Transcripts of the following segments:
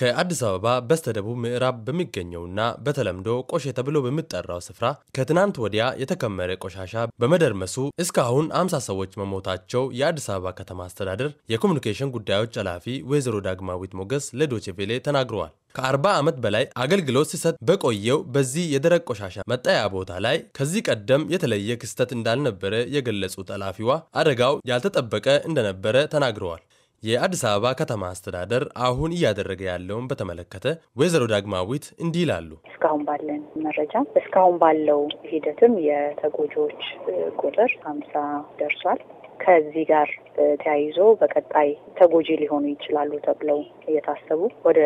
ከአዲስ አበባ በስተደቡብ ምዕራብ በሚገኘውና በተለምዶ ቆሼ ተብሎ በሚጠራው ስፍራ ከትናንት ወዲያ የተከመረ ቆሻሻ በመደርመሱ እስካሁን አምሳ ሰዎች መሞታቸው የአዲስ አበባ ከተማ አስተዳደር የኮሚኒኬሽን ጉዳዮች ኃላፊ ወይዘሮ ዳግማዊት ሞገስ ለዶቼቬሌ ተናግረዋል። ከአርባ ዓመት በላይ አገልግሎት ሲሰጥ በቆየው በዚህ የደረቅ ቆሻሻ መጣያ ቦታ ላይ ከዚህ ቀደም የተለየ ክስተት እንዳልነበረ የገለጹት ኃላፊዋ አደጋው ያልተጠበቀ እንደነበረ ተናግረዋል። የአዲስ አበባ ከተማ አስተዳደር አሁን እያደረገ ያለውን በተመለከተ ወይዘሮ ዳግማዊት እንዲህ ይላሉ። እስካሁን ባለን መረጃ እስካሁን ባለው ሂደትም የተጎጂዎች ቁጥር ሀምሳ ደርሷል። ከዚህ ጋር ተያይዞ በቀጣይ ተጎጂ ሊሆኑ ይችላሉ ተብለው እየታሰቡ ወደ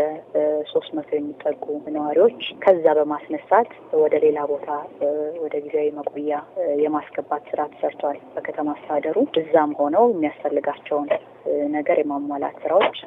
ሶስት መቶ የሚጠጉ ነዋሪዎች ከዛ በማስነሳት ወደ ሌላ ቦታ ወደ ጊዜያዊ መቆያ የማስገባት ስራ ተሰርተዋል። በከተማ አስተዳደሩ እዛም ሆነው የሚያስፈልጋቸውን ነገር የማሟላት ስራዎች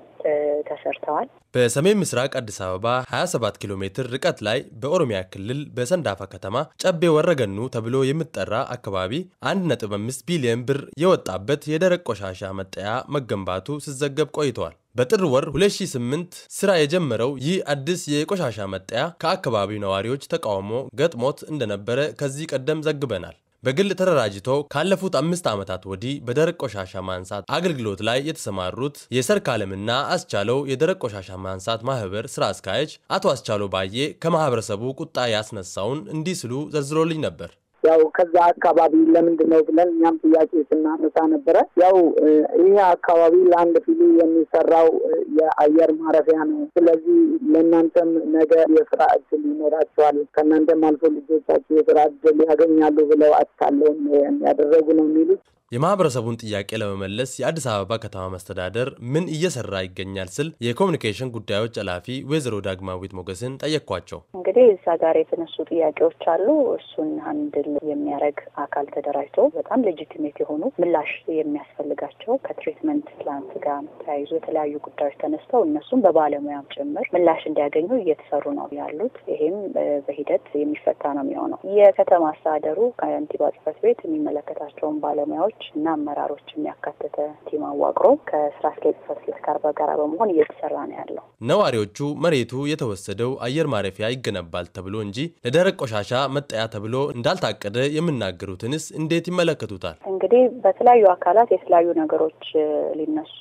ተሰርተዋል። በሰሜን ምስራቅ አዲስ አበባ 27 ኪሎ ሜትር ርቀት ላይ በኦሮሚያ ክልል በሰንዳፋ ከተማ ጨቤ ወረገኑ ተብሎ የሚጠራ አካባቢ 1.5 ቢሊዮን ብር የወጣበት የደረቅ ቆሻሻ መጣያ መገንባቱ ሲዘገብ ቆይተዋል። በጥር ወር 2008 ስራ የጀመረው ይህ አዲስ የቆሻሻ መጣያ ከአካባቢው ነዋሪዎች ተቃውሞ ገጥሞት እንደነበረ ከዚህ ቀደም ዘግበናል። በግል ተደራጅቶ ካለፉት አምስት ዓመታት ወዲህ በደረቅ ቆሻሻ ማንሳት አገልግሎት ላይ የተሰማሩት አለምና አስቻለው የደረቅ ቆሻሻ ማንሳት ማህበር ስራ አስኪያጅ አቶ አስቻለው ባዬ ከማህበረሰቡ ቁጣ ያስነሳውን እንዲህ ስሉ ዘርዝሮልኝ ነበር። ያው ከዛ አካባቢ ለምንድን ነው ብለን እኛም ጥያቄ ስናነሳ ነበረ። ያው ይህ አካባቢ ለአንድ ፊሉ የሚሰራው የአየር ማረፊያ ነው። ስለዚህ ለእናንተም ነገ የስራ እድል ይኖራቸዋል፣ ከእናንተም አልፎ ልጆቻቸው የስራ እድል ያገኛሉ ብለው አታለውን ያደረጉ ነው የሚሉት የማህበረሰቡን ጥያቄ ለመመለስ የአዲስ አበባ ከተማ መስተዳደር ምን እየሰራ ይገኛል ስል የኮሚኒኬሽን ጉዳዮች ኃላፊ ወይዘሮ ዳግማዊት ሞገስን ጠየኳቸው። እንግዲህ እዛ ጋር የተነሱ ጥያቄዎች አሉ። እሱን አንድል የሚያደርግ አካል ተደራጅቶ በጣም ሌጂቲሜት የሆኑ ምላሽ የሚያስፈልጋቸው ከትሪትመንት ፕላንት ጋር ተያይዞ የተለያዩ ጉዳዮች ተነስተው እነሱም በባለሙያም ጭምር ምላሽ እንዲያገኙ እየተሰሩ ነው ያሉት። ይሄም በሂደት የሚፈታ ነው የሚሆነው። የከተማ አስተዳደሩ ከንቲባ ጽሕፈት ቤት የሚመለከታቸውን ባለሙያዎች እና አመራሮችን ያካተተ ቲም አዋቅሮ ከስራ አስኪያጅ ጽሕፈት ቤት ጋር በጋራ በመሆን እየተሰራ ነው ያለው። ነዋሪዎቹ መሬቱ የተወሰደው አየር ማረፊያ ይገነባል ተብሎ እንጂ ለደረቅ ቆሻሻ መጣያ ተብሎ እንዳልታቀደ የሚናገሩትንስ እንዴት ይመለከቱታል? እንግዲህ በተለያዩ አካላት የተለያዩ ነገሮች ሊነሱ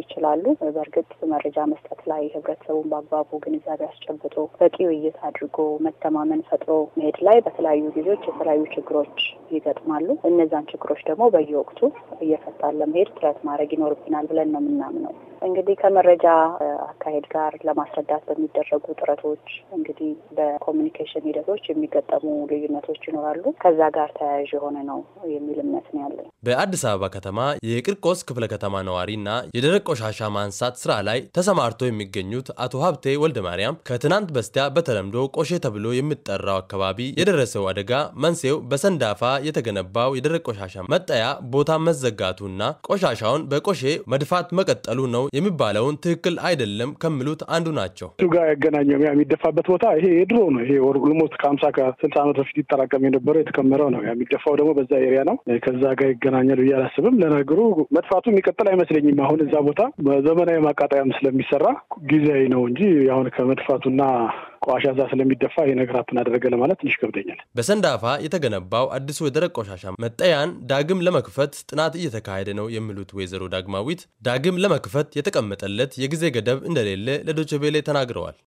ይችላሉ። በእርግጥ መረጃ መስጠት ላይ ህብረተሰቡን በአግባቡ ግንዛቤ አስጨብጦ በቂ ውይይት አድርጎ መተማመን ፈጥሮ መሄድ ላይ በተለያዩ ጊዜዎች የተለያዩ ችግሮች ይገጥማሉ። እነዛን ችግሮች ደግሞ በየ በየወቅቱ እየፈታን ለመሄድ ጥረት ማድረግ ይኖርብናል ብለን ነው የምናምነው። እንግዲህ ከመረጃ አካሄድ ጋር ለማስረዳት በሚደረጉ ጥረቶች እንግዲህ በኮሚኒኬሽን ሂደቶች የሚገጠሙ ልዩነቶች ይኖራሉ። ከዛ ጋር ተያያዥ የሆነ ነው የሚል እምነት ነው ያለኝ። በአዲስ አበባ ከተማ የቂርቆስ ክፍለ ከተማ ነዋሪ ና የደረቅ ቆሻሻ ማንሳት ስራ ላይ ተሰማርቶ የሚገኙት አቶ ሀብቴ ወልደ ማርያም ከትናንት በስቲያ በተለምዶ ቆሼ ተብሎ የሚጠራው አካባቢ የደረሰው አደጋ መንስኤው በሰንዳፋ የተገነባው የደረቅ ቆሻሻ መጣያ ቦታ መዘጋቱና ቆሻሻውን በቆሼ መድፋት መቀጠሉ ነው የሚባለውን ትክክል አይደለም ከሚሉት አንዱ ናቸው። እሱ ጋር ያገናኘው የሚደፋበት ቦታ ይሄ የድሮ ነው። ይሄ ኦልሞስት ከሀምሳ ከስልሳ ዓመት በፊት ይጠራቀም የነበረው የተከመረው ነው። የሚደፋው ደግሞ በዛ ኤሪያ ነው። ከዛ ጋር ይገናኛል ብዬ አላስብም። ለነገሩ መጥፋቱ የሚቀጥል አይመስለኝም። አሁን እዛ ቦታ በዘመናዊ ማቃጠያም ስለሚሰራ ጊዜያዊ ነው እንጂ አሁን ከመድፋቱና ቆሻሻ እዛ ስለሚደፋ ይህ ነገር አፕን አደረገ ለማለት ትንሽ ከብደኛል። በሰንዳፋ የተገነባው አዲሱ የደረቅ ቆሻሻ መጠያን ዳግም ለመክፈት ጥናት እየተካሄደ ነው የሚሉት ወይዘሮ ዳግማዊት ዳግም ለመክፈት የተቀመጠለት የጊዜ ገደብ እንደሌለ ለዶችቬሌ ተናግረዋል።